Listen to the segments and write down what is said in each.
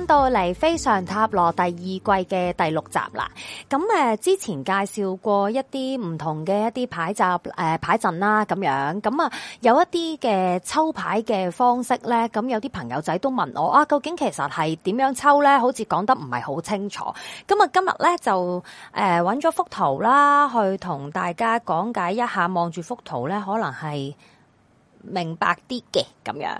翻到嚟《菲常塔羅》第二季嘅第六集啦，咁誒之前介紹過一啲唔同嘅一啲牌集誒、呃、牌陣啦，咁樣咁啊有一啲嘅抽牌嘅方式咧，咁有啲朋友仔都問我啊，究竟其實係點樣抽咧？好似講得唔係好清楚。咁啊今日咧就誒揾咗幅圖啦，去同大家講解一下，望住幅圖咧，可能係。明白啲嘅咁樣，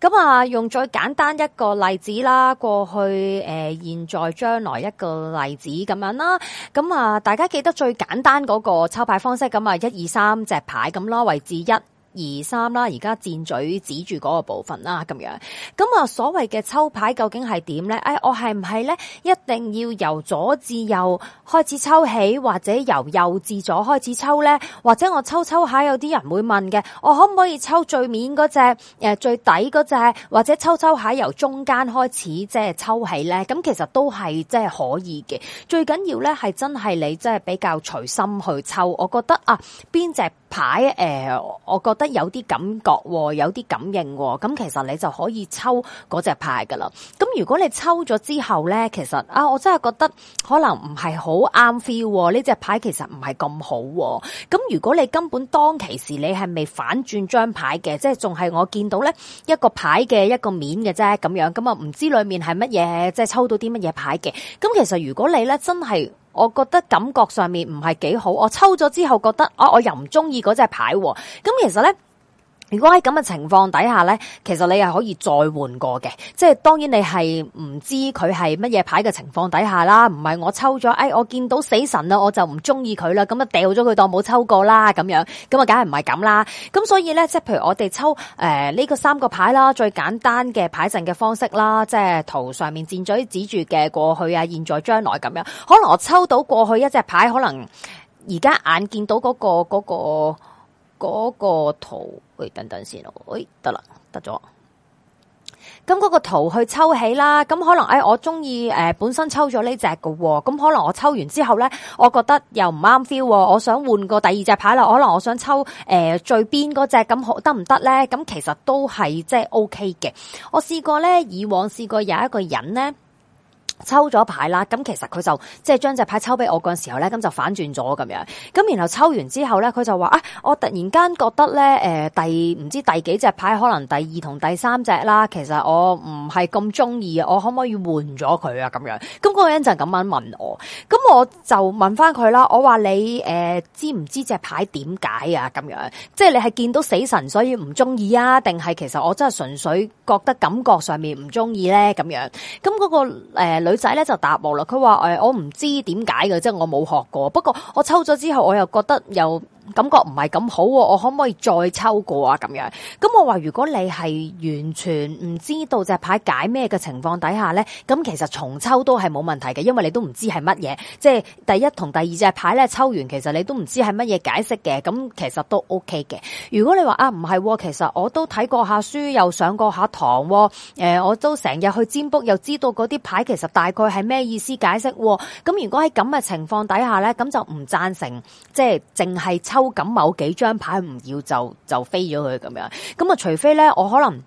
咁啊用最簡單一個例子啦，過去誒、呃，現在將來一個例子咁樣啦，咁啊大家記得最簡單嗰、那個抽牌方式咁啊，一二三隻牌咁咯，位置一。二三啦，而家箭嘴指住嗰個部分啦，咁樣，咁啊，所謂嘅抽牌究竟係點咧？誒、哎，我係唔係咧一定要由左至右開始抽起，或者由右至左開始抽咧？或者我抽抽下，有啲人會問嘅，我可唔可以抽最面嗰隻誒，最底嗰隻，或者抽抽下由中間開始即係抽起咧？咁其實都係即係可以嘅，最緊要咧係真係你真係比較隨心去抽。我覺得啊，邊隻？牌誒、呃，我覺得有啲感覺、哦、有啲感應喎、哦，咁其實你就可以抽嗰隻牌噶啦。咁如果你抽咗之後呢，其實啊，我真係覺得可能唔係好啱 feel 呢隻牌，其實唔係咁好、哦。咁如果你根本當其時你係未反轉張牌嘅，即係仲係我見到呢一個牌嘅一個面嘅啫咁樣，咁啊唔知裡面係乜嘢，即係抽到啲乜嘢牌嘅。咁其實如果你呢真係，我覺得感覺上面唔係幾好，我抽咗之後覺得，啊，我又唔中意嗰隻牌，咁，啊，其實咧。如果喺咁嘅情況底下咧，其實你係可以再換過嘅，即係當然你係唔知佢係乜嘢牌嘅情況底下啦。唔係我抽咗，哎，我見到死神啦，我就唔中意佢啦，咁啊掉咗佢當冇抽過啦咁樣，咁啊，梗係唔係咁啦？咁所以咧，即係譬如我哋抽呢、呃呢個三個牌啦，最簡單嘅牌陣嘅方式啦，即係圖上面箭嘴指住嘅過去啊、現在、將來咁樣，可能我抽到過去一隻牌，可能而家眼見到嗰、嗰個嗰、嗰個嗰、嗰個圖。等等先咯，哎，得啦，得咗。咁嗰個圖去抽起啦，咁可能、哎、我中意，誒，本身抽咗呢隻嘅，咁可能我抽完之後呢，我覺得又唔啱 feel，我想換個第二隻牌啦，可能我想抽誒、呃、最邊嗰隻，咁得唔得呢？咁其實都係即係 OK 嘅，我試過呢，以往試過有一個人呢。抽咗牌啦，咁其實佢就即係將隻牌抽俾我嗰陣時候咧，咁就反轉咗咁樣。咁然後抽完之後咧，佢就話啊，我突然間覺得咧，誒，第唔知第幾隻牌可能第二同第三隻啦，其實我唔係咁中意啊，我可唔可以換咗佢啊？咁樣，咁、那、嗰個人就咁樣問我，咁我就問翻佢啦，我話你誒、呃，知唔知隻牌點解啊？咁樣，即係你係見到死神所以唔中意啊？定係其實我真係純粹覺得感覺上面唔中意咧？咁樣，咁、那個誒、呃女仔咧，就答我啦，佢話誒，我唔知點解嘅，即係我冇學過。不過我抽咗之後，我又覺得有。.感覺唔係咁好，啊，我可唔可以再抽過啊？咁樣，咁我話，如果你係完全唔知道隻牌解咩嘅情況底下呢，咁其實重抽都係冇問題嘅，因為你都唔知係乜嘢。即係第一同第二隻牌咧抽完，其實你都唔知係乜嘢解釋嘅。咁其實都 OK 嘅。如果你話啊，唔係，啊，其實我都睇過下書，又上過下堂，誒、呃、我都成日去占卜，又知道嗰啲牌其實大概係咩意思解釋。咁、呃、如果喺咁嘅情況底下呢，咁就唔贊成，即係淨係。抽緊某幾張牌唔要就就飛咗佢咁樣，咁啊除非呢我可能。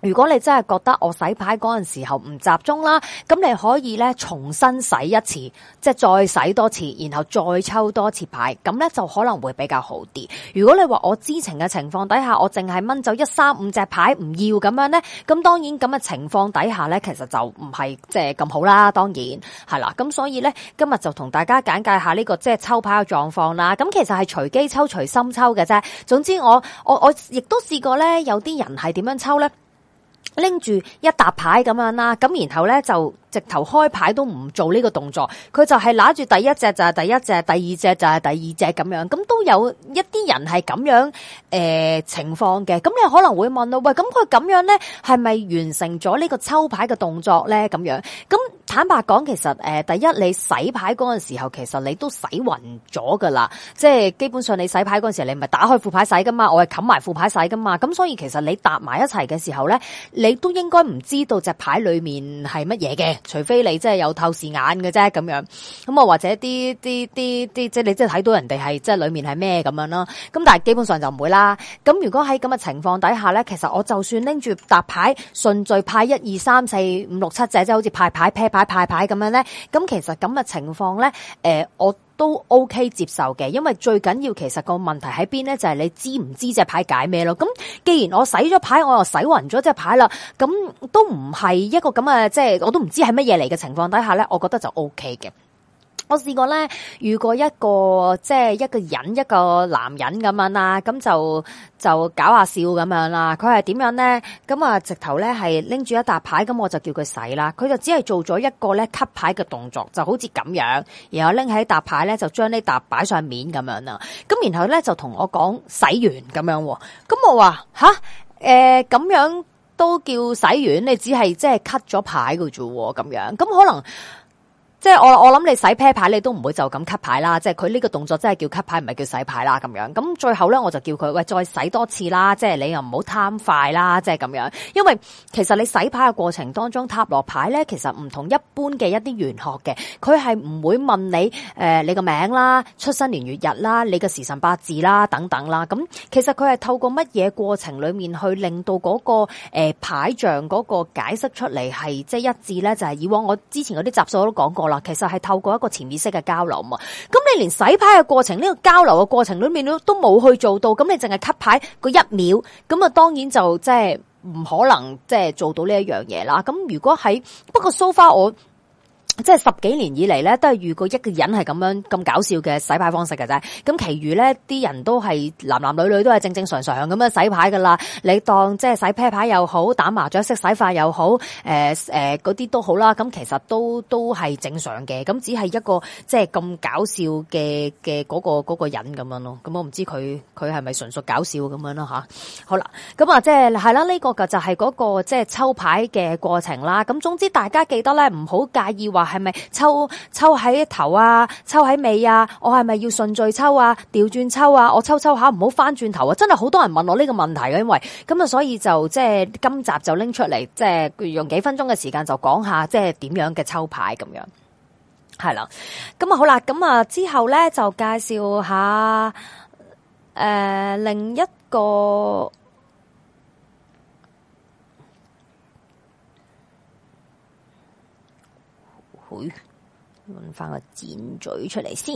如果你真係覺得我洗牌嗰陣時候唔集中啦，咁你可以咧重新洗一次，即係再洗多次，然後再抽多次牌，咁咧就可能會比較好啲。如果你話我知情嘅情況底下，我淨係掹走一三五隻牌唔要咁樣咧，咁當然咁嘅情況底下咧，其實就唔係即係咁好啦。當然係啦，咁所以咧今日就同大家簡介下呢個即係抽牌嘅狀況啦。咁其實係隨機抽，隨心抽嘅啫。總之我我我亦都試過咧，有啲人係點樣抽咧？拎住一沓牌咁樣啦，咁然後咧就。直頭開牌都唔做呢個動作，佢就係揦住第一隻就係第一隻，第二隻就係第二隻咁樣，咁都有一啲人係咁樣誒情況嘅。咁你可能會問啦，「喂，咁佢咁樣呢？係咪完成咗呢個抽牌嘅動作呢？」咁樣咁坦白講，其實誒，第一你洗牌嗰陣時候，其實你都洗勻咗噶啦，即係基本上你洗牌嗰陣時候，你唔係打開副牌洗噶嘛，我係冚埋副牌洗噶嘛，咁所以其實你搭埋一齊嘅時候呢，你都應該唔知道隻牌裏面係乜嘢嘅。除非你真係有透視眼嘅啫咁樣，咁啊或者啲啲啲啲，即係你即係睇到人哋係即係裏面係咩咁樣囉。咁但係基本上就唔會啦。咁如果喺咁嘅情況底下咧，其實我就算拎住搭牌順序派一二三四五六七隻，即係好似派牌劈牌派牌咁樣咧，咁其實咁嘅情況咧，誒、呃、我。都 OK 接受嘅，因為最緊要其實個問題喺邊咧，就係你知唔知隻牌解咩咯？咁既然我洗咗牌，我又洗勻咗隻牌啦，咁都唔係一個咁啊，即係我都唔知係乜嘢嚟嘅情況底下咧，我覺得就 OK 嘅。我試過咧，遇過一個即係一個人，一個男人咁樣啦，咁就就搞下笑咁樣啦。佢係點樣咧？咁啊，直頭咧係拎住一沓牌，咁我就叫佢洗啦。佢就只係做咗一個咧 cut 牌嘅動作，就好似咁樣，然後拎起沓牌咧，就將呢沓擺上面咁樣啦。咁然後咧就同我講洗完咁樣。咁我話吓，誒咁樣都叫洗完？你只係即係 cut 咗牌嘅啫，咁樣咁可能。即係我我諗你洗啤牌你都唔會就咁 cut 牌啦，即係佢呢個動作真係叫 cut 牌，唔係叫洗牌啦咁樣。咁最後咧，我就叫佢喂再洗多次啦，即係你又唔好貪快啦，即係咁樣。因為其實你洗牌嘅過程當中，塔羅牌咧其實唔同一般嘅一啲玄學嘅，佢係唔會問你誒、呃、你個名啦、出生年月日啦、你嘅時辰八字啦等等啦。咁其實佢係透過乜嘢過程裏面去令到嗰、那個誒、呃、牌象嗰個解釋出嚟係即係一致咧？就係、是、以往我之前嗰啲集數我都講過。嗱，其實係透過一個潛意識嘅交流嘛，咁你連洗牌嘅過程呢、呢個交流嘅過程裏面都冇去做到，咁你淨係吸牌嗰一秒，咁啊當然就即係唔可能即係做到呢一樣嘢啦。咁如果喺不過 so far 我。即係十幾年以嚟咧，都係遇過一個人係咁樣咁搞笑嘅洗牌方式㗎啫。咁，其餘呢啲人都係男男女女都係正正常常咁樣洗牌噶啦。你當即係洗啤牌又好，打麻雀式洗牌又好，呃、呃、嗰啲都好啦。咁其實都都係正常嘅。咁只係一個即係咁搞笑嘅嘅嗰個嗰個人咁樣咯。咁、嗯、我唔知佢佢係咪純屬搞笑咁樣咯吓、啊，好啦，咁啊即係係啦，呢個嘅就係嗰個即係抽牌嘅過程啦。咁總之大家記得咧，唔好介意話。係咪抽抽喺頭啊？抽喺尾啊？我係咪要順序抽啊？調轉抽啊？我抽抽下唔好翻轉頭啊！真係好多人問我呢個問題啊，因為咁啊，所以就即係今集就拎出嚟，即係用幾分鐘嘅時間就講下，即係點樣嘅抽牌咁樣係啦。咁啊好啦，咁啊之後咧就介紹下誒、呃、另一個。佢揾翻個箭嘴出嚟先，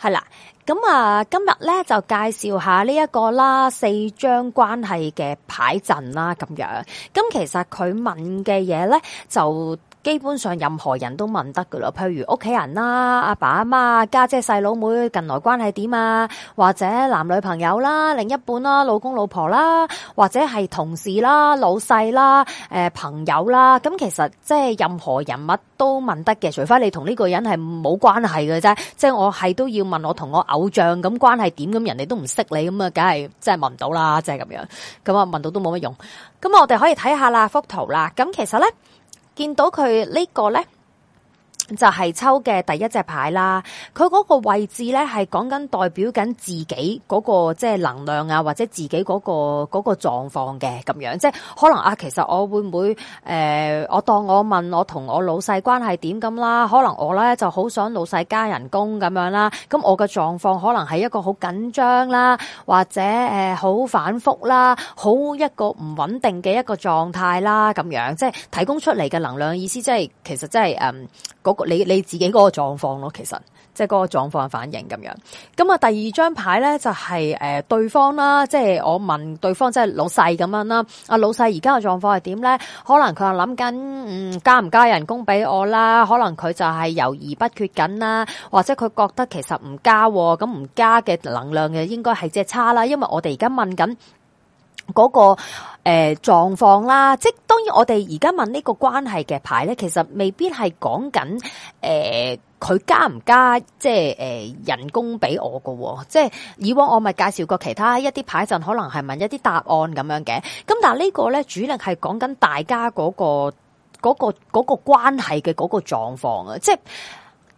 係啦，咁啊，今日咧就介紹下呢一個啦，四張關係嘅牌陣啦，咁樣，咁其實佢問嘅嘢咧就。基本上任何人都問得噶啦，譬如屋企人啦、阿爸阿媽、家姐細佬妹近來關係點啊，或者男女朋友啦、另一半啦、老公老婆啦，或者係同事啦、老細啦、誒、呃、朋友啦，咁其實即係任何人物都問得嘅，除非你同呢個人係冇關係嘅啫，即、就、係、是、我係都要問我同我偶像咁關係點，咁人哋都唔識你咁啊，梗係即係問唔到啦，即係咁樣，咁啊問到都冇乜用，咁我哋可以睇下啦幅圖啦，咁其實咧。見到佢呢個咧，就係、是、抽嘅第一隻牌啦，佢嗰個位置咧係講緊代表緊自己嗰個即係能量啊，或者自己嗰、那個嗰、那個狀況嘅咁樣，即係可能啊，其實我會唔會誒、呃，我當我問我同我老細關係點咁啦，可能我咧就好想老細加人工咁樣啦，咁我嘅狀況可能係一個好緊張啦，或者好、呃、反覆啦，好一個唔穩定嘅一個狀態啦咁樣，即係提供出嚟嘅能量意思、就是，即係其實即、就、係、是呃你你自己嗰個狀況咯，其實即係嗰個狀況嘅反應咁樣。咁啊，第二張牌咧就係、是、誒對方啦，即係我問對方，即係老細咁樣啦。阿老細而家嘅狀況係點咧？可能佢係諗緊，嗯，加唔加人工俾我啦？可能佢就係猶豫不決緊啦，或者佢覺得其實唔加，咁唔加嘅能量嘅應該係即係差啦，因為我哋而家問緊。嗰個誒狀況啦，即係當然我哋而家問呢個關係嘅牌咧，其實未必係講緊誒佢加唔加即係誒、呃、人工俾我噶，即係以往我咪介紹過其他一啲牌陣，可能係問一啲答案咁樣嘅。咁但係呢個咧，主力係講緊大家嗰個嗰個嗰個關係嘅嗰個狀況啊，即係。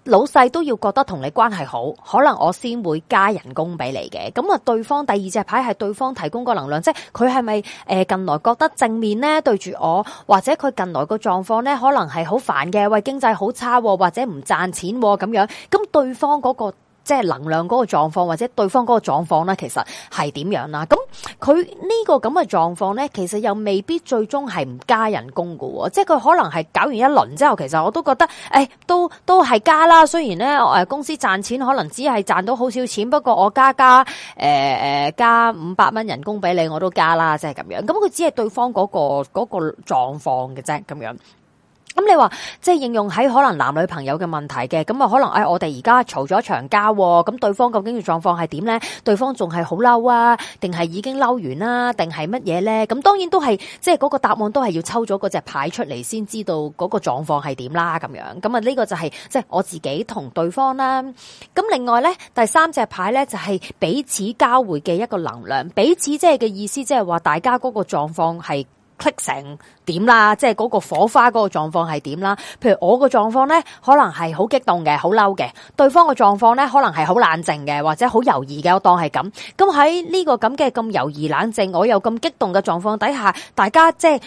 老細都要覺得同你關係好，可能我先會加人工畀你嘅。咁啊，對方第二隻牌係對方提供個能量，即係佢係咪誒近來覺得正面呢，對住我，或者佢近來個狀況呢，可能係好煩嘅，喂經濟好差或者唔賺錢咁樣。咁對方嗰個。即係能量嗰個狀況，或者對方嗰個狀況咧，其實係點樣啦？咁佢呢個咁嘅狀況咧，其實又未必最終係唔加人工嘅，即係佢可能係搞完一輪之後，其實我都覺得，誒、哎，都都係加啦。雖然咧，誒，公司賺錢可能只係賺到好少錢，不過我加加誒誒、呃、加五百蚊人工俾你，我都加啦，即係咁樣。咁佢只係對方嗰、嗰個嗰、嗰個狀況嘅啫，咁樣。咁你話即係應用喺可能男女朋友嘅問題嘅，咁啊可能誒、哎、我哋而家嘈咗一場交，咁對方究竟嘅狀況係點咧？對方仲係好嬲啊，定係已經嬲完啦、啊，定係乜嘢咧？咁當然都係即係嗰個答案都係要抽咗嗰隻牌出嚟先知道嗰個狀況係點啦。咁樣，咁啊呢個就係即係我自己同對方啦。咁另外咧，第三隻牌咧就係、是、彼此交換嘅一個能量，彼此即係嘅意思即係話大家嗰個狀況係 click 成點啦，即係嗰個火花嗰個狀況係點啦。譬如我個狀況咧，可能係好激動嘅，好嬲嘅；對方個狀況咧，可能係好冷靜嘅，或者好猶豫嘅。我當係咁。咁喺呢個咁嘅咁猶豫冷靜，我又咁激動嘅狀況底下，大家即係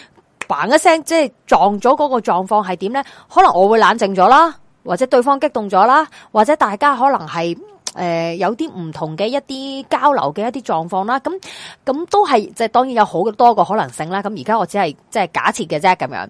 嘭一聲，即係撞咗嗰個狀況係點咧？可能我會冷靜咗啦，或者對方激動咗啦，或者大家可能係。誒、呃，有啲唔同嘅一啲交流嘅一啲狀況啦，咁咁都係即係，就是、當然有好多個可能性啦。咁而家我只係即係假設嘅啫，咁樣。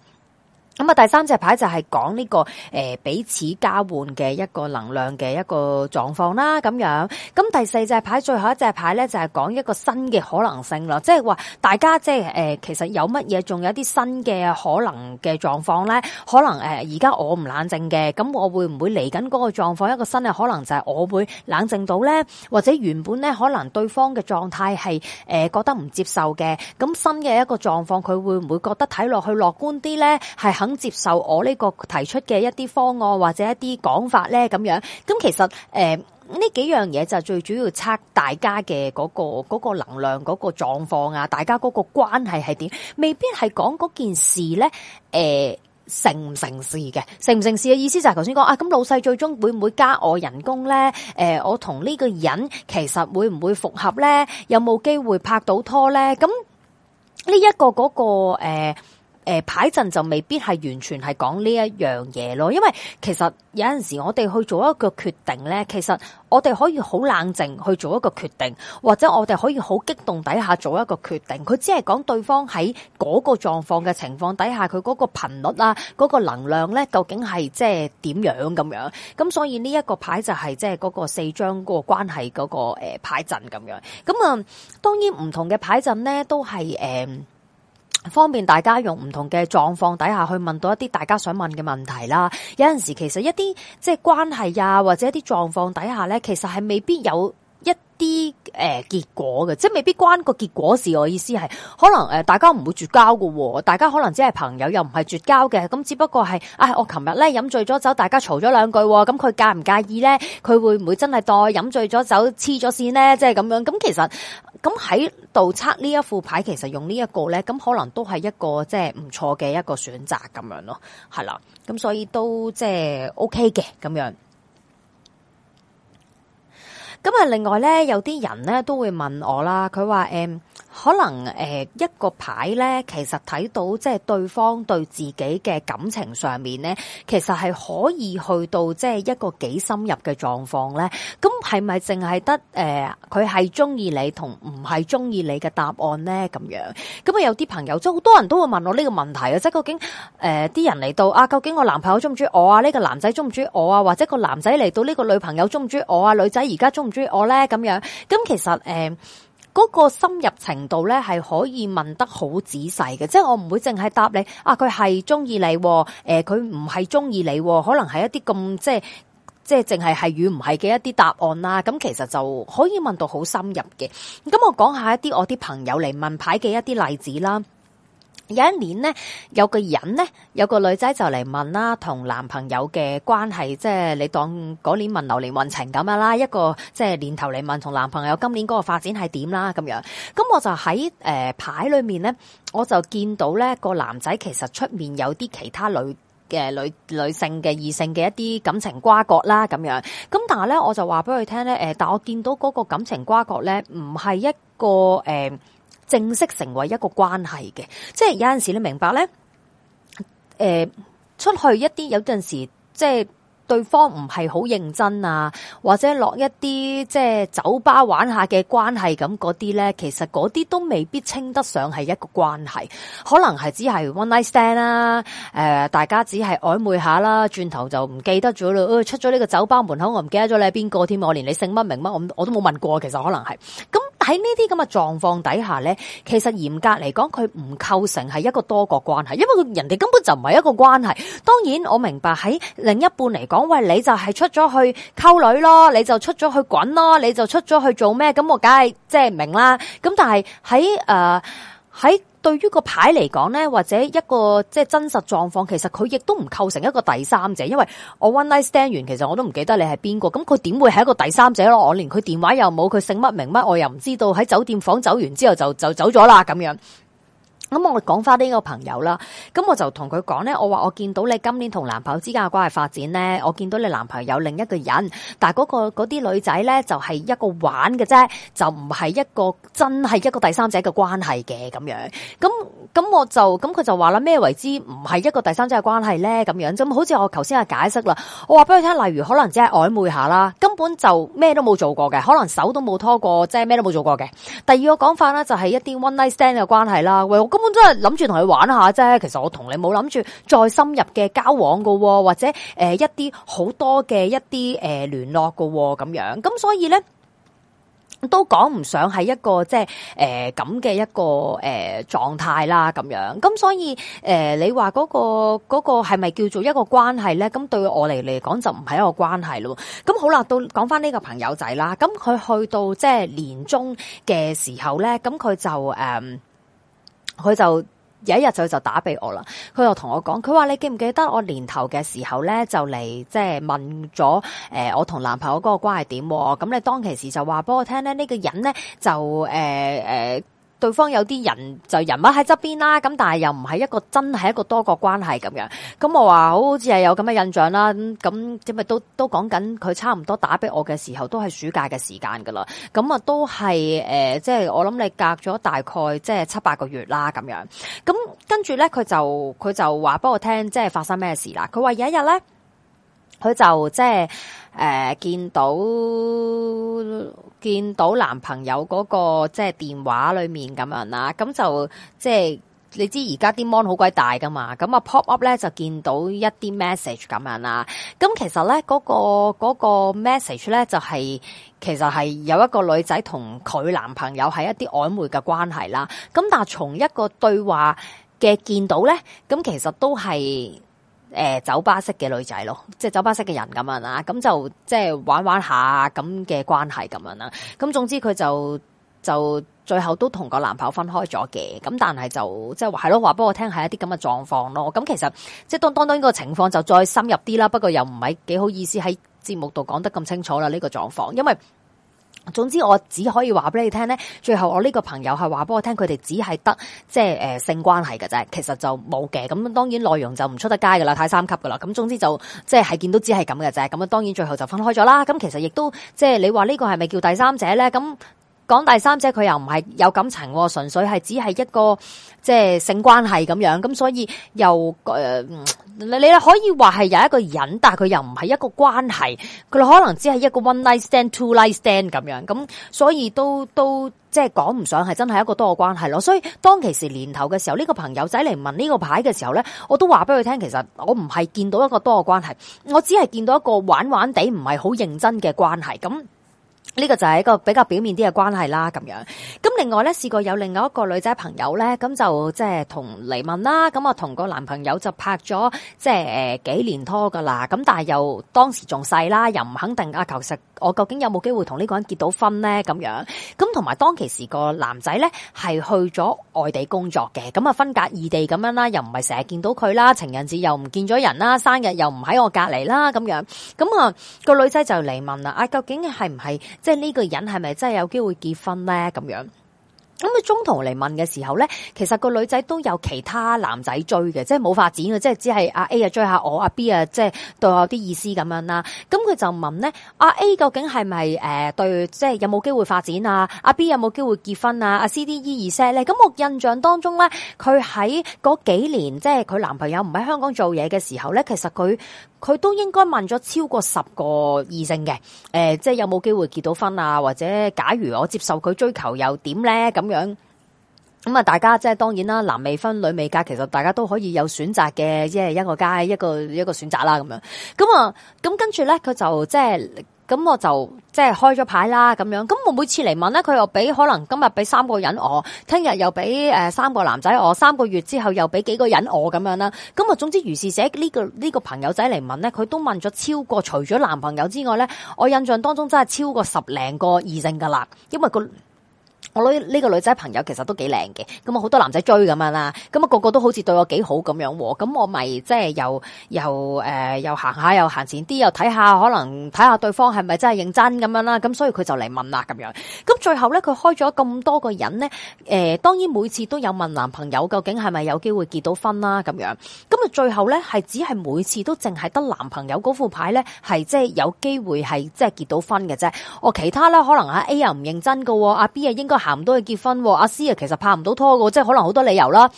咁啊，第三隻牌就係講呢個誒彼此交換嘅一個能量嘅一個狀況啦，咁樣。咁第四隻牌，最後一隻牌咧就係講一個新嘅可能性啦，即係話大家即係誒其實有乜嘢，仲有啲新嘅可能嘅狀況咧？可能誒而家我唔冷靜嘅，咁我會唔會嚟緊嗰個狀況一個新嘅可能就係我會冷靜到咧？或者原本咧可能對方嘅狀態係誒覺得唔接受嘅，咁新嘅一個狀況佢會唔會覺得睇落去樂觀啲咧？係肯接受我呢個提出嘅一啲方案或者一啲講法咧，咁樣。咁其實誒呢幾樣嘢就最主要測大家嘅嗰個嗰個能量嗰個狀況啊，大家嗰個關係係點，未必係講嗰件事咧誒成唔成事嘅，成唔成事嘅意思就係頭先講啊，咁老細最終會唔會加我人工咧？誒，我同呢個人其實會唔會復合咧？有冇機會拍到拖咧？咁呢一個嗰個誒。誒，牌陣就未必係完全係講呢一樣嘢咯，因為其實有陣時我哋去做一個決定咧，其實我哋可以好冷靜去做一個決定，或者我哋可以好激動底下做一個決定，佢只係講對方喺嗰個狀況嘅情況底下，佢嗰個頻率啦，嗰個能量咧，究竟係即係點樣咁樣？咁所以呢一個牌就係即係嗰個四張個關係嗰個誒牌陣咁樣。咁啊，當然唔同嘅牌陣咧，都係誒。方便大家用唔同嘅狀況底下去問到一啲大家想問嘅問題啦。有陣時其實一啲即係關係啊，或者一啲狀況底下呢，其實係未必有一啲、呃、結果嘅，即係未必關個結果事。我意思係，可能、呃、大家唔會絕交嘅喎，大家可能只係朋友又唔係絕交嘅。咁只不過係，啊、哎，我琴日呢飲醉咗酒，大家嘈咗兩句，咁佢介唔介意呢？佢會唔會真係當我飲醉咗酒黐咗線呢？即係咁樣。咁其實。咁喺度測呢一副牌，其實用呢一個咧，咁可能都係一個即係唔錯嘅一個選擇咁樣咯，係啦，咁所以都即係 OK 嘅咁樣。咁啊，另外咧，有啲人咧都會問我啦，佢話誒。嗯可能誒、呃、一個牌咧，其實睇到即係對方對自己嘅感情上面咧，其實係可以去到即係一個幾深入嘅狀況咧。咁係咪淨係得誒佢係中意你同唔係中意你嘅答案咧？咁樣咁啊有啲朋友即係好多人都會問我呢個問題啊！即係究竟誒啲，呃、人嚟到啊？究竟我男朋友中唔中意我啊？呢，呢個男仔中唔中意我啊？或者個男仔嚟到呢個女朋友中唔中意我啊？女仔而家中唔中意我咧？咁樣，咁其實誒。呃嗰、那個深入程度咧，係可以問得好仔細嘅，即係我唔會淨係答你啊，佢係中意你，喎、呃，佢唔係中意你，可能係一啲咁即係即係淨係係與唔係嘅一啲答案啦。咁其實就可以問到好深入嘅。咁我講下一啲我啲朋友嚟問牌嘅一啲例子啦。有一年咧，有個人咧，有個女仔就嚟問啦，同男朋友嘅關係，即係你當嗰年問流年運程咁樣啦，一個即係年頭嚟問同男朋友今年嗰個發展係點啦咁樣。咁我就喺誒、呃、牌裏面咧，我就見到咧個男仔其實出面有啲其他女嘅女、呃、女性嘅異性嘅一啲感情瓜葛啦咁樣。咁但係咧，我就話俾佢聽咧，誒、呃，但我見到嗰個感情瓜葛咧，唔係一個誒。呃正式成為一個關係嘅，即係有陣時你明白咧，誒、呃，出去一啲有陣時，即係對方唔係好認真啊，或者落一啲即係酒吧玩下嘅關係咁嗰啲咧，其實嗰啲都未必稱得上係一個關係，可能係只係 one night stand 啦，啊，誒、呃，大家只係曖昧下啦，轉頭就唔記得咗啦，哎，出咗呢個酒吧門口我唔記得咗你係邊個添，我連你姓乜名乜，我我都冇問過，其實可能係咁。喺呢啲咁嘅狀況底下呢，其實嚴格嚟講，佢唔構成係一個多角關係，因為人哋根本就唔係一個關係。當然，我明白喺另一半嚟講，喂，你就係出咗去溝女咯，你就出咗去滾咯，你就出咗去做咩？咁我梗係即係明啦。咁但係喺誒。呃喺對於個牌嚟講呢，或者一個即係真實狀況，其實佢亦都唔構成一個第三者，因為我 one night stand 完，其實我都唔記得你係邊個，咁佢點會係一個第三者咯？我連佢電話又冇，佢姓乜名乜我又唔知道，喺酒店房走完之後就就走咗啦，咁樣。咁我哋講翻呢個朋友啦，咁我就同佢講咧，我話我見到你今年同男朋友之間嘅關係發展咧，我見到你男朋友有另一個人，但係嗰、那個嗰啲女仔咧就係、是、一個玩嘅啫，就唔係一個真係一個第三者嘅關係嘅咁樣。咁咁我就咁佢就話啦，咩為之唔係一個第三者嘅關係咧？咁樣，咁好似我頭先嘅解釋啦，我話俾佢聽，例如可能只係曖昧下啦，根本就咩都冇做過嘅，可能手都冇拖過，即係咩都冇做過嘅。第二個講法呢，就係、是、一啲 one night stand 嘅關係啦，喂！根本都係諗住同佢玩下啫，其實我同你冇諗住再深入嘅交往噶，或者誒一啲好多嘅一啲誒聯絡噶咁樣，咁所以咧都講唔上係一個即係誒咁嘅一個誒狀態啦，咁樣咁所以誒你話嗰個嗰個係咪叫做一個關係咧？咁對我嚟嚟講就唔係一個關係咯。咁好啦，到講翻呢個朋友仔啦，咁佢去到即係年終嘅時候咧，咁佢就誒。佢就有一日就就打俾我啦，佢就同我講，佢話你記唔記得我年頭嘅時候咧就嚟，即係問咗誒、呃、我同男朋友嗰個關係點，咁、嗯、你當其時就話俾我聽咧，呢個人咧就誒誒。呃呃對方有啲人就人物喺側邊啦，咁但係又唔係一個真係一個多角關係咁樣，咁我話好似係有咁嘅印象啦，咁咁即係都都講緊佢差唔多打俾我嘅時候都係暑假嘅時間噶啦，咁啊都係誒，即係，呃，即係，我諗你隔咗大概即係，就係，七八個月啦咁樣，咁跟住咧佢就佢就話俾我聽，即係，就係，發生咩事啦？佢話有一日咧，佢就即係。就係誒、呃，見到見到男朋友嗰、那個即係電話裏面咁樣啦，咁就即係你知而家啲 mon 好鬼大噶嘛，咁啊 pop up 咧就見到一啲 message 咁樣啦，咁其實咧嗰、那個、那個 message 咧就係、是、其實係有一個女仔同佢男朋友係一啲曖昧嘅關係啦，咁但係從一個對話嘅見到咧，咁其實都係。誒、欸，酒吧式嘅女仔咯，即係酒吧式嘅人咁樣啦，咁就即係玩玩下咁嘅關係咁樣啦。咁總之佢就就最後都同個男朋友分開咗嘅。咁但係就即係話係咯，話俾我聽係一啲咁嘅狀況咯。咁其實即係當當當呢個情況就再深入啲啦。不過又唔係幾好意思喺節目度講得咁清楚啦。呢、這個狀況因為。總之，我只可以話俾你聽咧。最後，我呢個朋友係話俾我聽，佢哋只係得即係誒性關係嘅啫。其實就冇嘅。咁當然內容就唔出得街噶啦，太三級噶啦。咁總之就即係見到只係咁嘅啫。咁啊，當然最後就分開咗啦。咁其實亦都即係你話呢個係咪叫第三者咧？咁講第三者佢又唔係有感情，純粹係只係一個即係性關係咁樣，咁所以又誒，你、呃、你可以話係有一個人，但係佢又唔係一個關係，佢可能只係一個 one night stand、two night stand 咁樣，咁所以都都即係講唔上係真係一個多嘅關係咯。所以當其時年頭嘅時候，呢、呢個朋友仔嚟問呢個牌嘅時候咧，我都話俾佢聽，其實我唔係見到一個多嘅關係，我只係見到一個玩玩地唔係好認真嘅關係咁。呢個就係一個比較表面啲嘅關係啦，咁樣。咁另外咧，試過有另外一個女仔朋友咧，咁就即係同嚟問啦。咁我同個男朋友就拍咗即係誒幾年拖噶啦。咁但係又當時仲細啦，又唔肯定啊。求實我究竟有冇機會同呢個人結到婚咧？咁樣。咁同埋當其時個男仔咧，係去咗外地工作嘅。咁啊分隔異地咁樣啦，又唔係成日見到佢啦。情人節又唔見咗人啦，生日又唔喺我隔離啦。咁樣。咁啊個女仔就嚟問啦：啊，究竟係唔係？即係呢個人係咪真係有機會結婚咧？咁樣。咁佢中途嚟問嘅時候咧，其實個女仔都有其他男仔追嘅，即係冇發展嘅，即係只係阿 A 啊追下我，阿、啊、B 啊即係對我有啲意思咁樣啦。咁佢就問咧：阿、啊、A 究竟係咪誒對，即係有冇機會發展啊？阿、啊、B 有冇機會結婚啊？阿 C D,、eE,、D、E、而 set 咧？咁我印象當中咧，佢喺嗰幾年即係佢男朋友唔喺香港做嘢嘅時候咧，其實佢。佢都應該問咗超過十個異性嘅，誒、呃，即係有冇機會結到婚啊？或者，假如我接受佢追求又點咧？咁樣，咁啊，大家即係當然啦，男未婚女未嫁，其實大家都可以有選擇嘅，即係一個街一個一個選擇啦，咁樣。咁啊，咁跟住咧，佢就即係。咁我就即係開咗牌啦，咁樣，咁我每次嚟問咧，佢又俾可能今日俾三個人我，聽日又俾誒、呃、三個男仔我，三個月之後又俾幾個人我咁樣啦。咁啊，總之如是者呢、呢個呢、呢個朋友仔嚟問咧，佢都問咗超過，除咗男朋友之外咧，我印象當中真係超過十零個異性噶啦，因為、那個。我呢個女仔朋友其實都幾靚嘅，咁啊好多男仔追咁樣啦，咁啊個個都好似對我幾好咁樣喎，咁我咪即係又又、呃、又行下又行前啲又睇下可能睇下對方係咪真係認真咁樣啦，咁所以佢就嚟問啦咁樣，咁最後咧佢開咗咁多個人咧、呃，當然每次都有問男朋友究竟係咪有機會結到婚啦咁樣，咁啊最後咧係只係每次都淨係得男朋友嗰副牌咧係即係有機會係即係結到婚嘅啫，哦其他啦，可能阿 A 又唔認真㗎喎，阿、啊、B 啊應該，行唔到去結婚，阿 C 啊，其實拍唔到拖嘅，即係可能好多理由啦。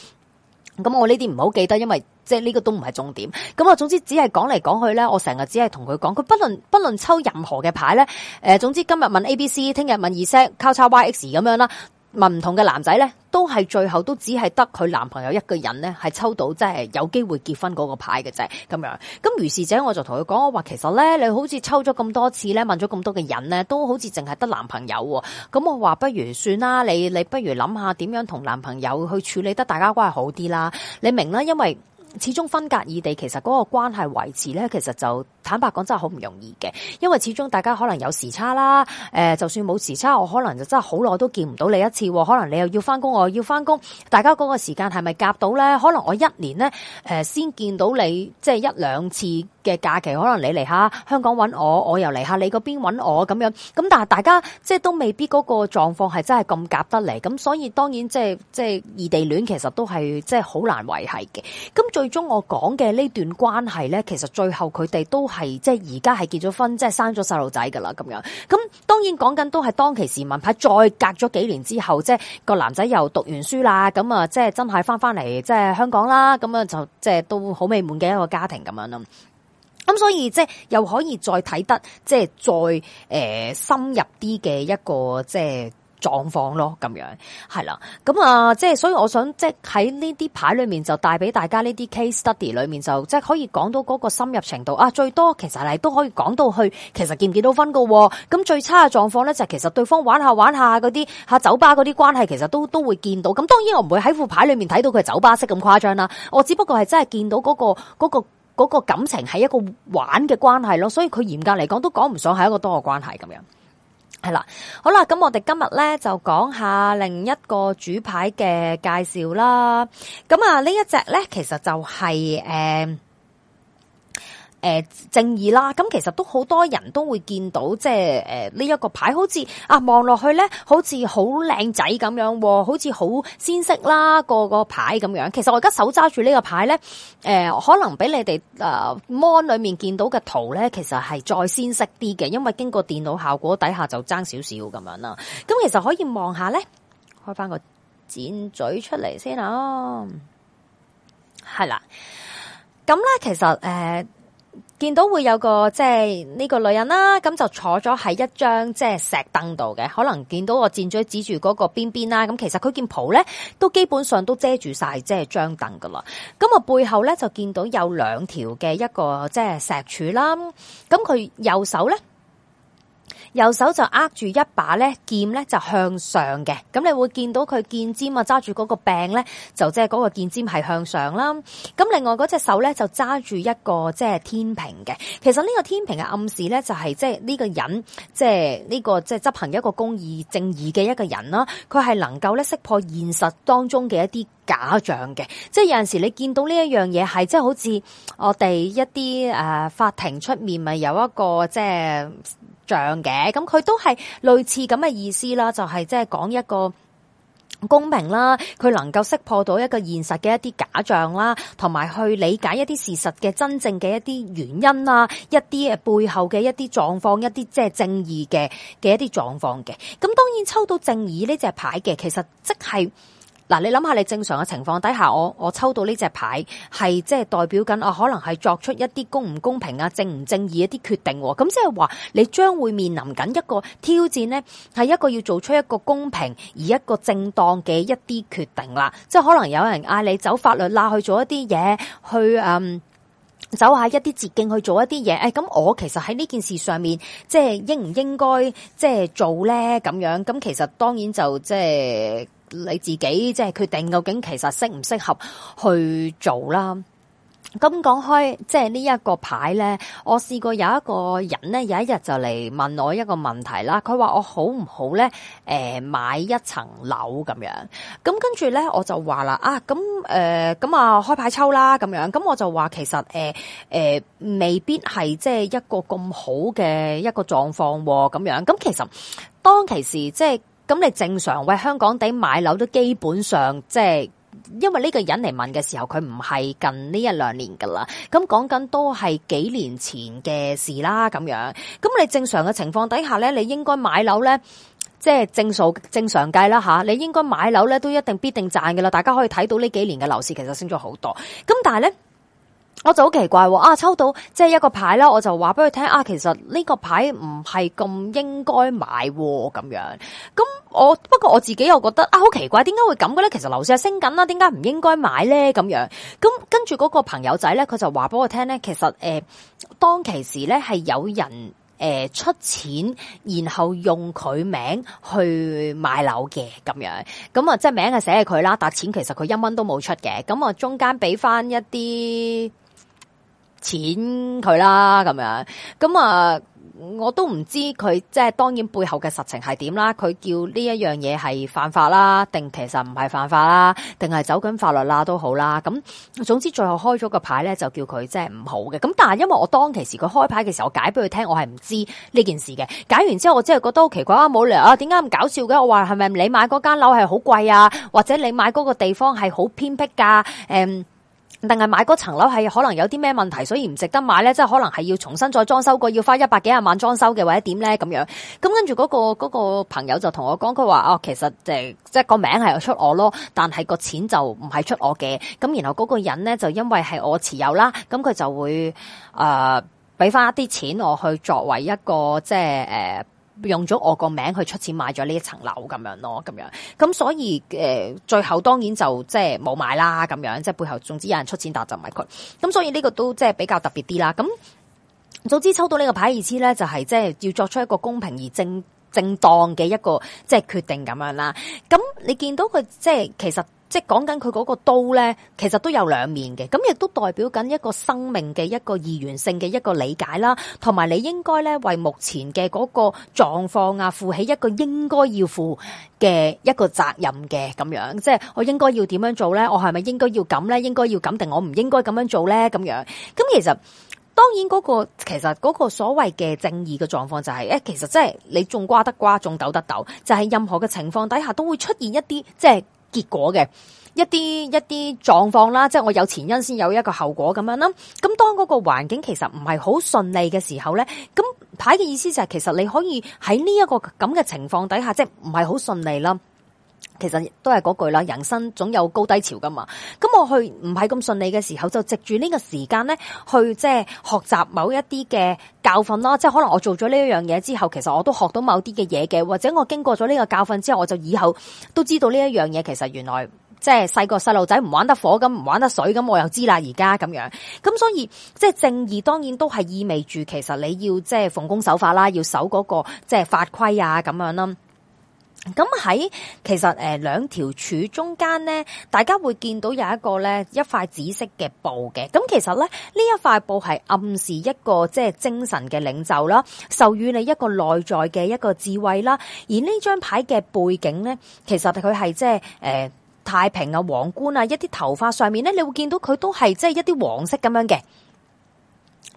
咁我呢啲唔好記得，因為即係呢個都唔係重點。咁啊，總之只係講嚟講去呢，我成日只係同佢講，佢不論不論抽任何嘅牌呢。誒，總之今日問 A B C，聽日問二聲交叉 Y X 咁樣啦。問唔同嘅男仔呢，都係最後都只係得佢男朋友一個人呢，係抽到即係、就是、有機會結婚嗰個牌嘅啫，咁樣。咁如是者，我就同佢講，我話其實呢，你好似抽咗咁多次呢，問咗咁多嘅人呢，都好似淨係得男朋友、哦。咁、嗯、我話不如算啦，你你不如諗下點樣同男朋友去處理得大家關係好啲啦。你明啦，因為。始終分隔異地，其實嗰個關係維持呢，其實就坦白講真係好唔容易嘅。因為始終大家可能有時差啦，誒、呃，就算冇時差，我可能就真係好耐都見唔到你一次。可能你又要翻工，我又要翻工，大家嗰個時間係咪夾到呢？可能我一年呢，誒、呃，先見到你即係一兩次。嘅假期可能你嚟下香港揾我，我又嚟下你嗰邊揾我咁樣，咁但係大家即係都未必嗰個狀況係真係咁夾得嚟，咁所以當然即係即係異地戀其實都係即係好難維繫嘅。咁最終我講嘅呢段關係咧，其實最後佢哋都係即係而家係結咗婚，即係生咗細路仔噶啦咁樣。咁當然講緊都係當其時問牌，再隔咗幾年之後，即係個男仔又讀完書啦，咁啊即係真係翻翻嚟即係香港啦，咁啊就即係都好美滿嘅一個家庭咁樣咯。咁、嗯、所以即係又可以再睇得即係再誒、呃、深入啲嘅一個即係狀況咯，咁樣係啦。咁、嗯、啊，即係所以我想即係喺呢啲牌裏面就帶俾大家呢啲 case study 裏面就即係可以講到嗰個深入程度啊。最多其實你都可以講到去，其實見唔見到分噶、啊？咁、嗯、最差嘅狀況咧就是、其實對方玩下玩下嗰啲吓酒吧嗰啲關係，其實都都會見到。咁、嗯、當然我唔會喺副牌裏面睇到佢係酒吧式咁誇張啦。我只不過係真係見到嗰個嗰個。嗰、那個感情係一個玩嘅關係咯，所以佢嚴格嚟講都講唔上係一個多嘅關係咁樣，係啦，好啦，咁我哋今日咧就講下另一個主牌嘅介紹啦，咁啊這一隻呢一隻咧其實就係、是、誒。呃誒，正義啦，咁其實都好多人都會見到，即係誒，呢一個牌好，啊、好似啊望落去咧，好似好靚仔咁樣，好似好鮮色啦個、那個牌咁樣。其實我而家手揸住呢個牌咧，誒、呃、可能俾你哋啊 mon 裏面見到嘅圖咧，其實係再鮮色啲嘅，因為經過電腦效果底下就爭少少咁樣啦。咁其實可以望下咧，開翻個箭咀出嚟先啊，係啦，咁咧其實誒。呃見到會有個即係呢個女人啦，咁就坐咗喺一張即係石凳度嘅，可能見到我箭嘴指住嗰個邊邊啦，咁其實佢件袍咧都基本上都遮住晒即係張凳噶啦，咁我背後咧就見到有兩條嘅一個即係石柱啦，咁佢右手咧。右手就握住一把咧劍咧，就向上嘅。咁你會見到佢劍尖啊，揸住嗰個柄咧，就即係嗰個劍尖係向上啦。咁另外嗰隻手咧就揸住一個即係天平嘅。其實呢個天平嘅暗示咧，就係即係呢個人，即係呢個即係執行一個公義、正義嘅一個人啦。佢係能夠咧識破現實當中嘅一啲假象嘅。即係有陣時你見到呢一樣嘢，係即係好似我哋一啲誒法庭出面咪有一個即係。像嘅，咁佢都係類似咁嘅意思啦，就係即係講一個公平啦，佢能夠識破到一個現實嘅一啲假象啦，同埋去理解一啲事實嘅真正嘅一啲原因啦，一啲誒背後嘅一啲狀況，一啲即係正義嘅嘅一啲狀況嘅，咁當然抽到正義呢隻牌嘅，其實即係。嗱，你諗下，你正常嘅情況底下，我我抽到呢隻牌，係即係代表緊啊，可能係作出一啲公唔公平啊、正唔正義一啲決定、啊。咁即係話，你將會面臨緊一個挑戰呢，係一個要做出一個公平而一個正當嘅一啲決定啦、啊。即、就、係、是、可能有人嗌你走法律啦，去做一啲嘢，去嗯走下一啲捷徑去做一啲嘢。誒、哎，咁我其實喺呢件事上面，即、就、係、是、應唔應該即係做呢咁樣咁，咁其實當然就即係。就是你自己即係決定究竟其實適唔適合去做啦。咁講開，即係呢一個牌咧，我試過有一個人咧，有一日就嚟問我一個問題啦。佢話我好唔好咧？誒，買一層樓咁樣、啊。咁跟住咧，我就話啦，啊，咁誒，咁啊，開牌抽啦，咁樣。咁我就話其實，誒、呃、誒，未必係即係一個咁好嘅一個狀況咁樣。咁其實當其時即係。咁你正常喂，香港地買樓都基本上即係，因為呢個人嚟問嘅時候，佢唔係近呢一兩年噶啦，咁講緊都係幾年前嘅事啦，咁樣。咁你正常嘅情況底下咧，你應該買樓咧，即係正數正常計啦吓，你應該買樓咧都一定必定賺㗎啦。大家可以睇到呢幾年嘅樓市其實升咗好多，咁但係咧。我就好奇怪喎、啊，啊抽到即係一個牌啦，我就話俾佢聽啊，其實呢個牌唔係咁應該買咁、啊、樣。咁我不過我自己又覺得啊，好奇怪，點解會咁嘅咧？其實樓市係升緊啦，點解唔應該買咧？咁樣，咁跟住嗰個朋友仔咧，佢就話俾我聽咧，其實誒、呃、當其時咧係有人誒、呃、出錢，然後用佢名去買樓嘅咁樣。咁啊，即係名係寫係佢啦，但係錢其實佢一蚊都冇出嘅。咁啊，中間俾翻一啲。錢佢啦咁樣，咁啊我都唔知佢即係當然背後嘅實情係點啦。佢叫呢一樣嘢係犯法啦，定其實唔係犯法啦，定係走緊法律啦都好啦。咁總之最後開咗個牌咧，就叫佢即係唔好嘅。咁但係因為我當其時佢開牌嘅時候，我解俾佢聽，我係唔知呢件事嘅。解完之後，我真係覺得好奇怪啊！冇理由啊，點解咁搞笑嘅？我話係咪你買嗰間樓係好貴啊，或者你買嗰個地方係好偏僻噶？誒、嗯。定係買嗰層樓係可能有啲咩問題，所以唔值得買呢？即係可能係要重新再裝修過，要花一百幾廿萬裝修嘅，或者點呢？咁樣、嗰個。咁跟住嗰個嗰個朋友就同我講，佢話、哦、其實、就係、即係個名係出我咯，但係個錢就唔係出我嘅。咁然後嗰個人呢，就因為係我持有啦，咁佢就會誒俾翻一啲錢我去作為一個即係誒。呃用咗我個名去出錢買咗呢一層樓咁樣咯，咁樣咁所以誒、呃，最後當然就即係冇買啦，咁樣即係背後總之有人出錢，但就唔係佢，咁所以呢個都即係比較特別啲啦。咁總之抽到呢個牌意思咧，就係、是、即係要作出一個公平而正正當嘅一個即係決定咁樣啦。咁你見到佢即係其實。即係講緊佢嗰個刀咧，其實都有兩面嘅，咁亦都代表緊一個生命嘅一個二元性嘅一個理解啦，同埋你應該咧為目前嘅嗰個狀況啊負起一個應該要負嘅一個責任嘅咁樣，即係我應該要點樣做咧？我係咪應該要咁咧？應該要咁定我唔應該咁樣做咧？咁樣咁其實當然嗰、嗰個其實嗰個所謂嘅正義嘅狀況就係誒，其實即係、就係欸、你種瓜得瓜，種豆得豆，就係、係、任何嘅情況底下都會出現一啲即係。就係結果嘅一啲一啲狀況啦，即係我有前因先有一個後果咁樣啦。咁當嗰個環境其實唔係好順利嘅時候呢，咁牌嘅意思就係其實你可以喺呢一個咁嘅情況底下，即係唔係好順利啦。其實都係嗰句啦，人生總有高低潮噶嘛。咁我去唔係咁順利嘅時候，就藉住呢個時間咧，去即係學習某一啲嘅教訓啦。即係可能我做咗呢一樣嘢之後，其實我都學到某啲嘅嘢嘅，或者我經過咗呢個教訓之後，我就以後都知道呢一樣嘢。其實原來即係細個細路仔唔玩得火咁，唔玩得水咁，我又知啦。而家咁樣，咁所以即係正義當然都係意味住，其實你要即係奉公守法啦，要守嗰個即係法規啊，咁樣啦。咁喺其實、呃、兩條柱中間咧，大家會見到有一個咧一塊紫色嘅布嘅。咁其實咧呢一塊布係暗示一個即係精神嘅領袖啦，授予你一個內在嘅一個智慧啦。而呢張牌嘅背景咧，其實佢係即係、呃、太平啊、皇冠啊、一啲頭髮上面咧，你會見到佢都係即係一啲黃色咁樣嘅。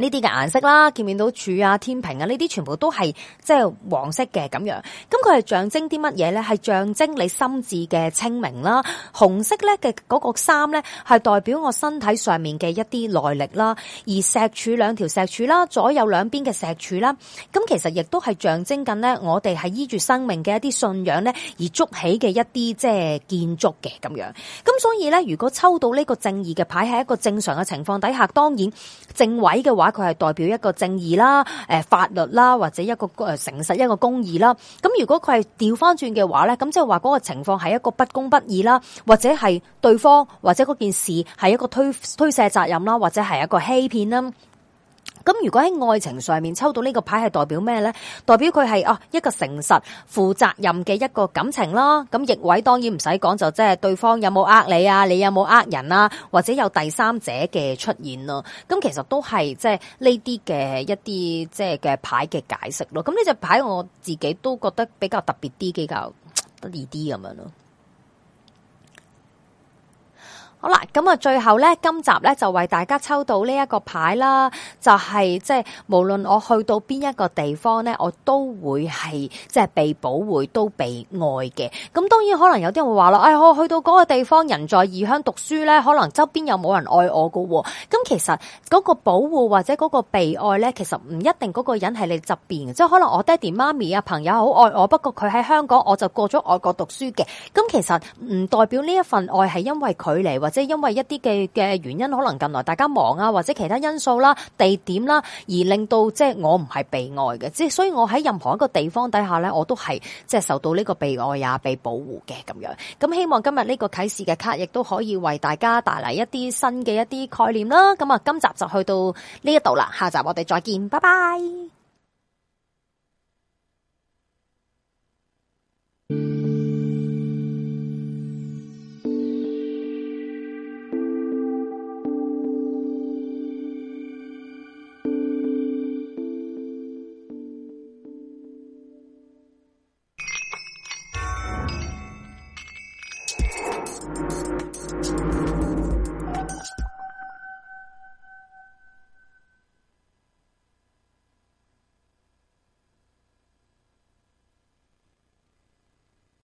呢啲嘅顏色啦，見唔見到柱啊、天平啊？呢啲全部都係即係黃色嘅咁樣。咁佢係象徵啲乜嘢呢？係象徵你心智嘅清明啦。紅色咧嘅嗰個衫呢，係代表我身體上面嘅一啲耐力啦。而石柱兩條石柱啦，左右兩邊嘅石柱啦，咁其實亦都係象徵緊呢，我哋係依住生命嘅一啲信仰呢，而築起嘅一啲即係建築嘅咁樣。咁所以呢，如果抽到呢個正義嘅牌，喺一個正常嘅情況底下，當然正位嘅話。佢係代表一個正義啦、誒、呃、法律啦，或者一個誒誠、呃、實一個公義啦。咁如果佢係調翻轉嘅話咧，咁即係話嗰個情況係一個不公不義啦，或者係對方或者嗰件事係一個推推卸責任啦，或者係一個欺騙啦。咁如果喺愛情上面抽到呢個牌係代表咩呢？代表佢係哦一個誠實負責任嘅一個感情啦。咁逆位當然唔使講，就即係對方有冇呃你啊，你有冇呃人啊，或者有第三者嘅出現咯。咁其實都係即係呢啲嘅一啲即係嘅牌嘅解釋咯。咁呢隻牌我自己都覺得比較特別啲，比較得意啲咁樣咯。好啦，咁啊，最後咧，今集咧就為大家抽到呢一個牌啦，就係、是、即係無論我去到邊一個地方咧，我都會係即係被保護、都被愛嘅。咁當然可能有啲人會話啦，哎，我去到嗰個地方，人在異鄉讀書咧，可能周邊有冇人愛我噶。咁其實嗰、那個保護或者嗰個被愛咧，其實唔一定嗰個人係你側邊嘅，即係可能我爹哋媽咪啊、朋友好愛我，不過佢喺香港，我就過咗外國讀書嘅。咁其實唔代表呢一份愛係因為佢嚟。或者因為一啲嘅嘅原因，可能近來大家忙啊，或者其他因素啦，啊、地點啦、啊，而令到即係我唔係被愛嘅，即係所以我喺任何一個地方底下咧，我都係即係受到呢個被愛呀、啊、被保護嘅咁樣。咁希望今日呢個啟示嘅卡亦都可以為大家帶嚟一啲新嘅一啲概念啦。咁啊，今集就去到呢一度啦，下集我哋再見，拜拜。